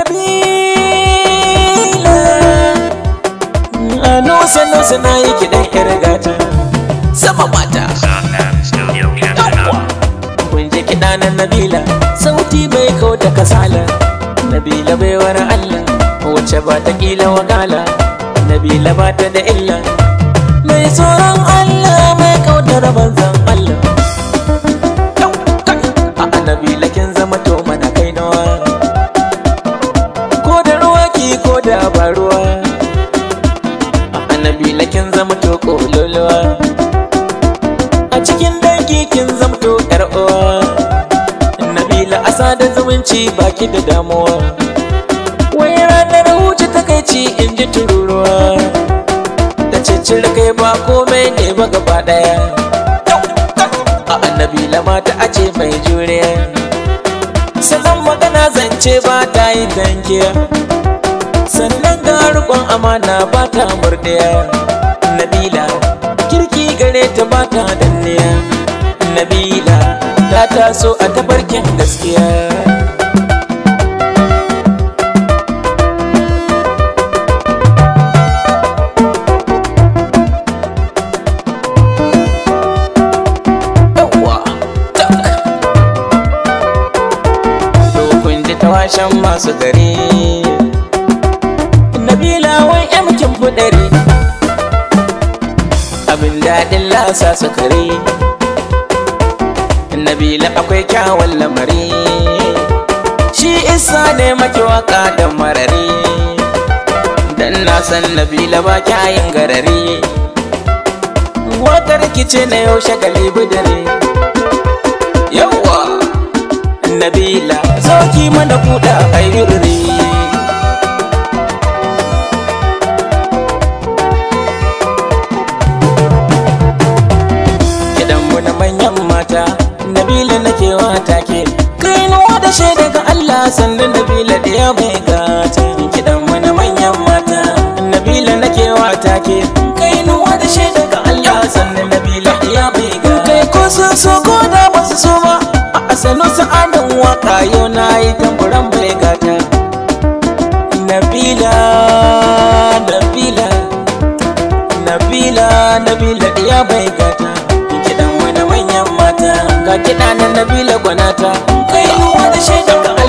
nabila a nosa nosa na yi kiɗan yar gata sama mata kun ji kiɗa na nabila sauti bai kauta da kasala nabila wara allah wacce ba ta ƙila wakala nabila ba ta da illa mai tsoron allah ruwa a annabi na kin zama to ƙololuwa a cikin dangi kin zama to yar uwa nabila asa da zumunci baki da damuwa wai ranar huce takaici in ji tururuwa da ciccire kai ba komai ne ba gaba ɗaya a annabi mata a ce mai juriya zan magana zance ba ta yi dangiya sannan ga amana ba ta murɗiya, nabila kirki gare ta ba ta danniya nabila ta taso a tabarkin gaskiya washen masu gare. kabila wai 'yankin fudari abin daɗin lasa sukari nabila akwai kyawun lamari shi isa ne maki waka da marari dan na san nabila ba kyayin garari wata rikice na yau shagali budare yawwa nabila sauki mana kuɗa a yurri sanda nabila da ya bai gata kidan mana manyan mata nabila na nake wa take kai nuwa da shaida ga Allah sanda nabila da ya bai gata kai ko sun so ko da ba su so ba a asalin sa'adan waka yau na yi tamburan bai gata nabila nabila nabila nabila da ya bai gata kidan mana manyan mata ga kidanan nabila gwanata kai nuwa da shaida ga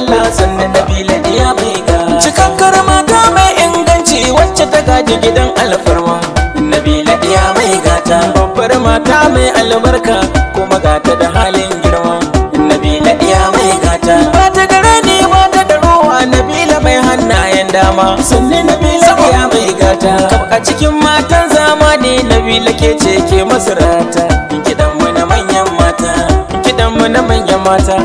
kaji gidan alfarma nabila iya mai gata babbar mata mai albarka kuma gata da halin girma nabila iya mai gata ba ta gara ne ba ta da nabila mai hannayen dama sanni nabila iya mai gata a cikin matan zamani nabila ke ce ke masarata gidan mu na manyan mata gidan mu na manyan mata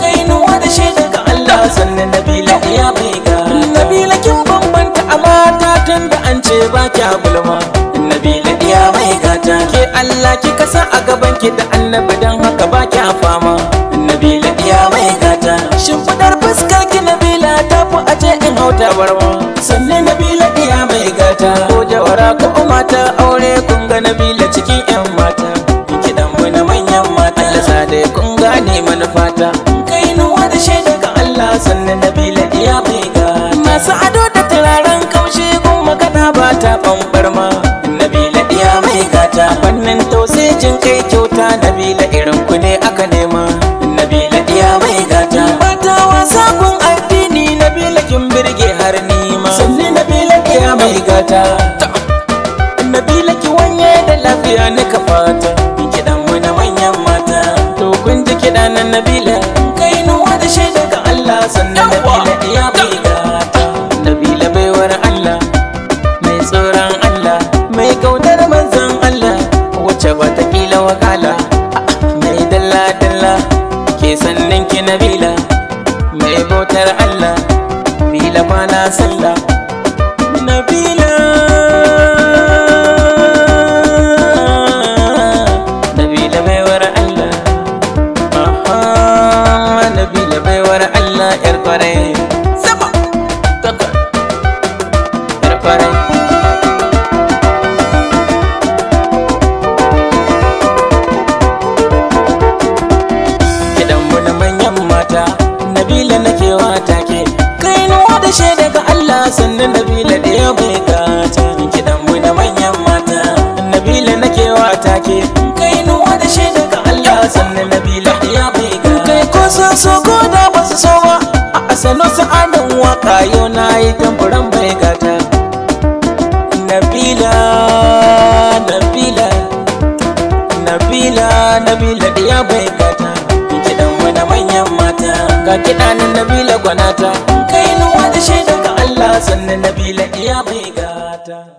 kai nuwa da shi daga Allah sanni nabila iya mai gata nabila kin bambanta a mata tun da ce ba kya gulma nabila diya mai gata ke Allah ki kasa a gaban ki da annabi dan haka ba kya fama nabila diya mai gata shimfidar fuskar ki nabila ta fi aje in hauta barma sannan nabila diya mai gata ko jawara ko mata aure kun ga nabila cikin yan mata mu na manyan mata Allah sa dai kun gane manufata girma nabila iya mai gata fannin tausayin jin kai kyauta nabila irin ku ne aka nema nabila iya mai gata mata wasa kun addini nabila kin birge har nima sanni nabila iya mai gata nabila ki wanye da lafiya ne ka fata dan wani manyan mata to kun ji kidan nabila kai nuwa da shaidar ga Allah sannan nabila sallah nabila nabila baiwar allah aha nabila bai wara allah yar kwarai kiɗa ta kiɗan mu da manyan mata nabila nake wa take kai nuwa da shaida ga Allah sannan nabila ya bai ga kai ko so so ko da ba su so ba a asano sa'adan waka yau na yi tamburan bai gata nabila nabila nabila nabila ya bai gata kiɗan mu da manyan mata ga kiɗanin nabila gwanata ganuwa da shaidar ka Allah sannan nabila iya bai gata